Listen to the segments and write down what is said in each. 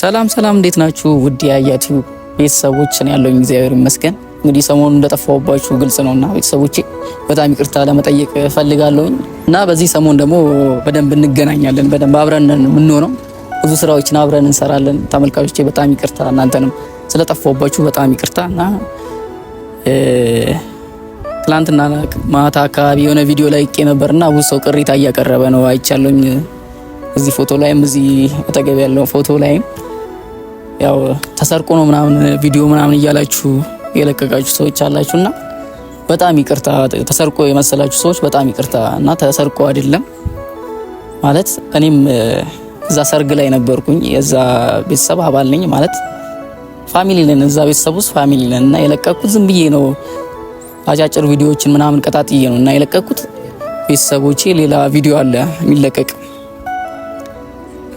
ሰላም ሰላም፣ እንዴት ናችሁ? ውድ የአያቲው ቤተሰቦች ነው ያለውኝ። እግዚአብሔር ይመስገን። እንግዲህ ሰሞኑን እንደጠፋሁባችሁ ግልጽ ነውና ቤተሰቦቼ በጣም ይቅርታ ለመጠየቅ ፈልጋለሁ እና በዚህ ሰሞን ደግሞ በደንብ እንገናኛለን። በደንብ አብረን የምንሆነው ብዙ ስራዎችን አብረን እንሰራለን። ተመልካቾቼ በጣም ይቅርታ፣ እናንተንም ስለጠፋሁባችሁ በጣም ይቅርታ እና ትላንትና ማታ አካባቢ የሆነ ቪዲዮ ላይ ቄ ነበርና ብዙ ሰው ቅሬታ እያቀረበ ነው አይቻለኝ። እዚህ ፎቶ ላይም እዚህ አጠገብ ያለው ፎቶ ላይም ያው ተሰርቆ ነው ምናምን ቪዲዮ ምናምን እያላችሁ የለቀቃችሁ ሰዎች አላችሁ እና በጣም ይቅርታ። ተሰርቆ የመሰላችሁ ሰዎች በጣም ይቅርታ። እና ተሰርቆ አይደለም ማለት እኔም እዛ ሰርግ ላይ ነበርኩኝ። የዛ ቤተሰብ አባል ነኝ ማለት ፋሚሊ ነን፣ እዛ ቤተሰብ ውስጥ ፋሚሊ ነን እና የለቀኩት ዝም ብዬ ነው አጫጭር ቪዲዮዎችን ምናምን ቀጣጥዬ ነው እና የለቀኩት ቤተሰቦቼ ሌላ ቪዲዮ አለ የሚለቀቅ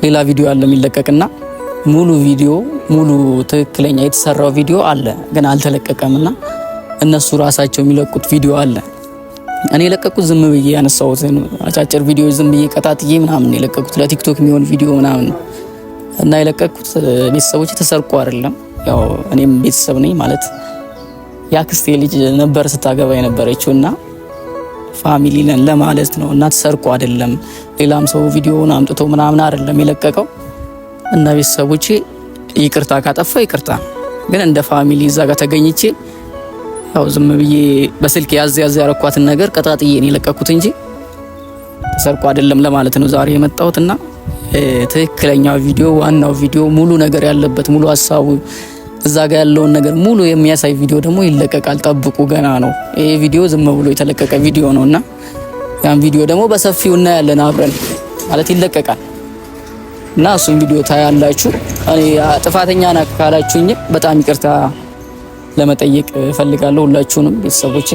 ሌላ ቪዲዮ ያለ የሚለቀቅና ሙሉ ቪዲዮ ሙሉ ትክክለኛ የተሰራው ቪዲዮ አለ፣ ግን አልተለቀቀምና እነሱ ራሳቸው የሚለቁት ቪዲዮ አለ። እኔ የለቀቁት ዝም ብዬ ያነሳሁት አጫጭር ቪዲዮ ዝም ብዬ ቀጣጥዬ ምናምን የለቀቁት ለቲክቶክ የሚሆን ቪዲዮ ምናምን እና የለቀቁት ቤተሰቦች ተሰርቆ አይደለም። ያው እኔም ቤተሰብ ነኝ ማለት ያክስቴ ልጅ ነበር ስታገባ የነበረችው እና ፋሚሊ ነን ለማለት ነው እናት ሰርቆ አይደለም ሌላም ሰው ቪዲዮውን አምጥቶ ምናምን አይደለም የለቀቀው እና ቤተሰቦቼ ይቅርታ ካጠፋ ይቅርታ ግን እንደ ፋሚሊ እዛ ጋር ተገኝቼ ያው ዝም ብዬ በስልክ ያዝ ያዝ ያረኳትን ነገር ቀጣጥዬ ነው የለቀኩት እንጂ ተሰርቆ አይደለም ለማለት ነው ዛሬ የመጣሁት እና ትክክለኛው ቪዲዮ ዋናው ቪዲዮ ሙሉ ነገር ያለበት ሙሉ ሀሳቡ እዛ ጋር ያለውን ነገር ሙሉ የሚያሳይ ቪዲዮ ደግሞ ይለቀቃል። ጠብቁ፣ ገና ነው። ይሄ ቪዲዮ ዝም ብሎ የተለቀቀ ቪዲዮ ነው እና ያን ቪዲዮ ደግሞ በሰፊው እናያለን አብረን ማለት ይለቀቃል እና እሱን ቪዲዮ ታያላችሁ። እኔ ጥፋተኛ ና ካላችሁኝ በጣም ይቅርታ ለመጠየቅ እፈልጋለሁ። ሁላችሁንም ቤተሰቦች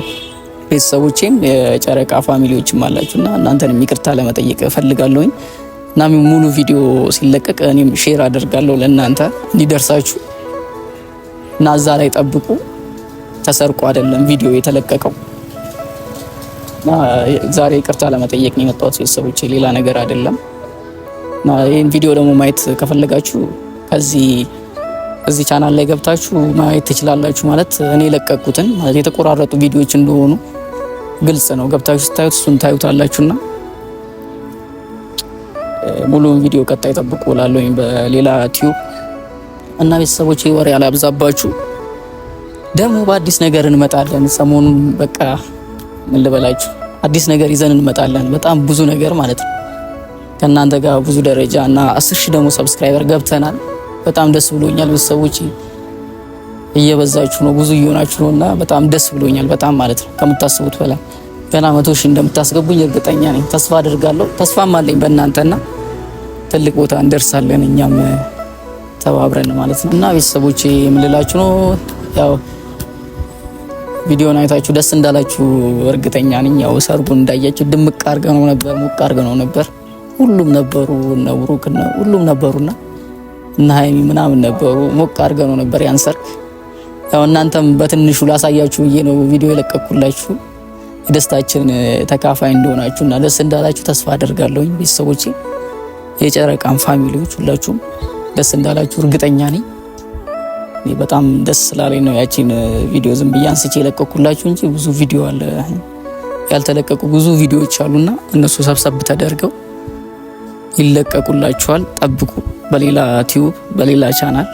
ቤተሰቦቼም የጨረቃ ፋሚሊዎችም አላችሁና እናንተንም ይቅርታ ለመጠየቅ እፈልጋለሁኝ እና ሙሉ ቪዲዮ ሲለቀቅ እኔም ሼር አደርጋለሁ ለእናንተ እንዲደርሳችሁ እና እዛ ላይ ጠብቁ። ተሰርቆ አይደለም ቪዲዮ የተለቀቀው። ዛሬ ይቅርታ ለመጠየቅ ነው የመጣሁት ቤተሰቦች፣ ሌላ ነገር አይደለም። ይህን ቪዲዮ ደግሞ ማየት ከፈለጋችሁ ከዚህ እዚህ ቻናል ላይ ገብታችሁ ማየት ትችላላችሁ። ማለት እኔ የለቀቁትን ማለት የተቆራረጡ ቪዲዮዎች እንደሆኑ ግልጽ ነው። ገብታችሁ ስታዩት እሱን ታዩታላችሁና ሙሉውን ቪዲዮ ቀጣይ ጠብቁ እላለሁኝ በሌላ ቲዩብ እና ቤተሰቦች ወሬ ያላብዛባችሁ፣ ደግሞ በአዲስ ነገር እንመጣለን። ሰሞኑን በቃ ምን ልበላችሁ አዲስ ነገር ይዘን እንመጣለን። በጣም ብዙ ነገር ማለት ነው ከእናንተ ጋር ብዙ ደረጃ እና አስር ሺህ ደግሞ ሰብስክራይበር ገብተናል። በጣም ደስ ብሎኛል ቤተሰቦች፣ እየበዛችሁ ነው፣ ብዙ እየሆናችሁ ነው እና በጣም ደስ ብሎኛል። በጣም ማለት ነው ከምታስቡት በላይ ገና መቶ ሺህ እንደምታስገቡኝ እርግጠኛ ነኝ። ተስፋ አድርጋለሁ። ተስፋም አለኝ በእናንተና ትልቅ ቦታ እንደርሳለን እኛም ተባብረን ማለት ነው እና ቤተሰቦች የምልላችሁ ነው ያው ቪዲዮን አይታችሁ ደስ እንዳላችሁ እርግጠኛ ነኝ። ያው ሰርጉን እንዳያችሁ ድምቅ ነው ነበር፣ ሙቅ ነው ነበር። ሁሉም ነበሩ፣ እነ ብሩክ ሁሉም ነበሩና እና ሀይሚ ምናምን ነበሩ። ሙቅ ነው ነበር ያን ሰርግ። ያው እናንተም በትንሹ ላሳያችሁ ብዬ ነው ቪዲዮ የለቀኩላችሁ የደስታችን ተካፋይ እንደሆናችሁ እና ደስ እንዳላችሁ ተስፋ አደርጋለሁኝ ቤተሰቦቼ፣ የጨረቃን ፋሚሊዎች ሁላችሁም ደስ እንዳላችሁ እርግጠኛ ነኝ። እኔ በጣም ደስ ስላለኝ ነው ያቺን ቪዲዮ ዝም ብዬ አንስቼ የለቀኩላችሁ እንጂ ብዙ ቪዲዮ አለ ያልተለቀቁ ብዙ ቪዲዮዎች አሉና እነሱ ሰብሰብ ተደርገው ይለቀቁላችኋል። ጠብቁ። በሌላ ቲዩብ በሌላ ቻናል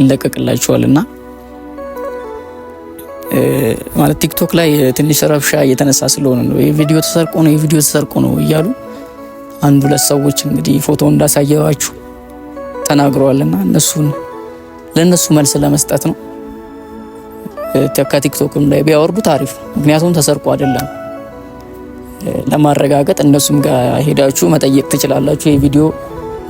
ይለቀቅላችኋልና ማለት ቲክቶክ ላይ ትንሽ ረብሻ እየተነሳ ስለሆነ ነው ቪዲዮ ተሰርቆ ነው የቪዲዮ ተሰርቆ ነው እያሉ አንድ ሁለት ሰዎች እንግዲህ ፎቶ እንዳሳየዋችሁ ተናግረዋልና እነሱን ለእነሱ መልስ ለመስጠት ነው። ከቲክቶክም ላይ ቢያወርዱት አሪፍ ነው። ምክንያቱም ተሰርቆ አይደለም ለማረጋገጥ እነሱም ጋር ሄዳችሁ መጠየቅ ትችላላችሁ። ይህ ቪዲዮ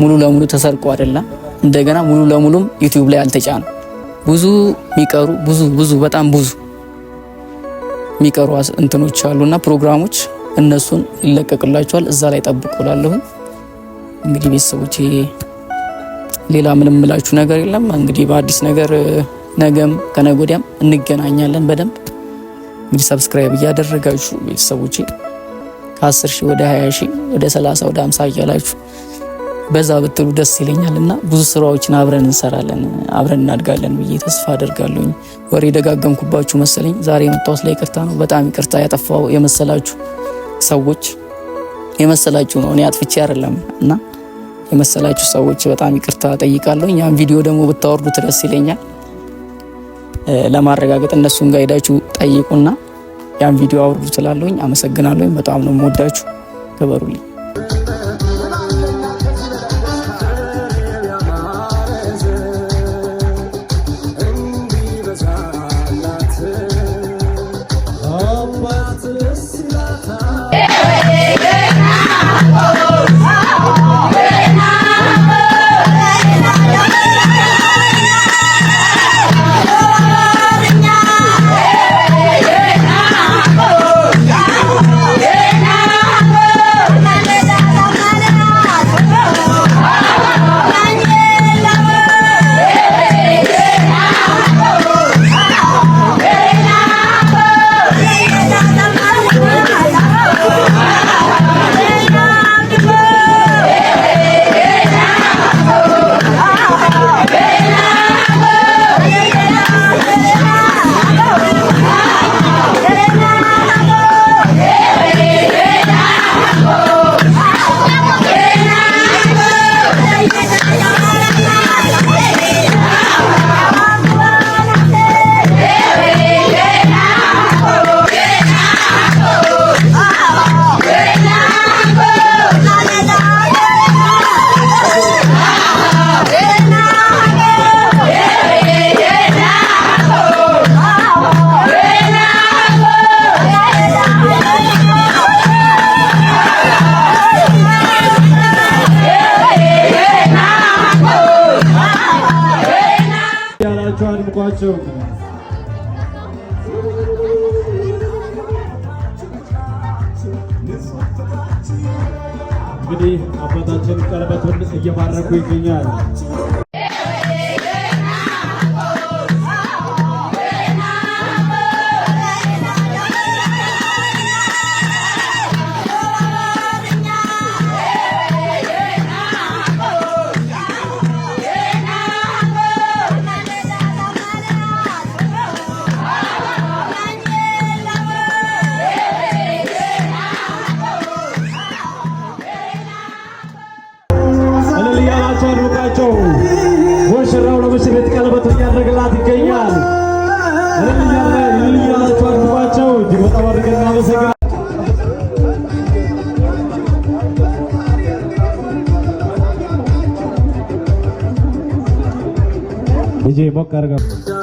ሙሉ ለሙሉ ተሰርቆ አይደለም። እንደገና ሙሉ ለሙሉም ዩቲዩብ ላይ አልተጫነም። ብዙ የሚቀሩ ብዙ ብዙ በጣም ብዙ የሚቀሩ እንትኖች አሉና ፕሮግራሞች እነሱን ይለቀቅላቸዋል። እዛ ላይ ጠብቁላለሁ። እንግዲህ ቤተሰቦች ሌላ ምንም ምላችሁ ነገር የለም። እንግዲህ በአዲስ ነገር ነገም ከነጎዲያም እንገናኛለን። በደንብ እንግዲህ ሰብስክራይብ እያደረጋችሁ ቤተሰቦች ከ10 ሺህ ወደ 20 ሺህ ወደ 30 ወደ 50 እያላችሁ በዛ ብትሉ ደስ ይለኛል እና ብዙ ስራዎችን አብረን እንሰራለን፣ አብረን እናድጋለን ብዬ ተስፋ አደርጋለሁኝ። ወሬ ደጋገምኩባችሁ መሰለኝ። ዛሬ የመጣሁት ላይ ይቅርታ ነው። በጣም ይቅርታ ያጠፋው የመሰላችሁ ሰዎች የመሰላችሁ ነው። እኔ አጥፍቼ አይደለም እና የመሰላችሁ ሰዎች በጣም ይቅርታ ጠይቃለሁ። ያን ቪዲዮ ደግሞ ብታወርዱት ደስ ይለኛል። ለማረጋገጥ እነሱን ጋር ሄዳችሁ ጠይቁና ያን ቪዲዮ አውርዱ ትላለሁኝ። አመሰግናለሁኝ። በጣም ነው የምወዳችሁ። ክበሩልኝ። ናቸው። እንግዲህ አባታችን ቀለበቱን እየባረኩ ይገኛል። irmão, cara.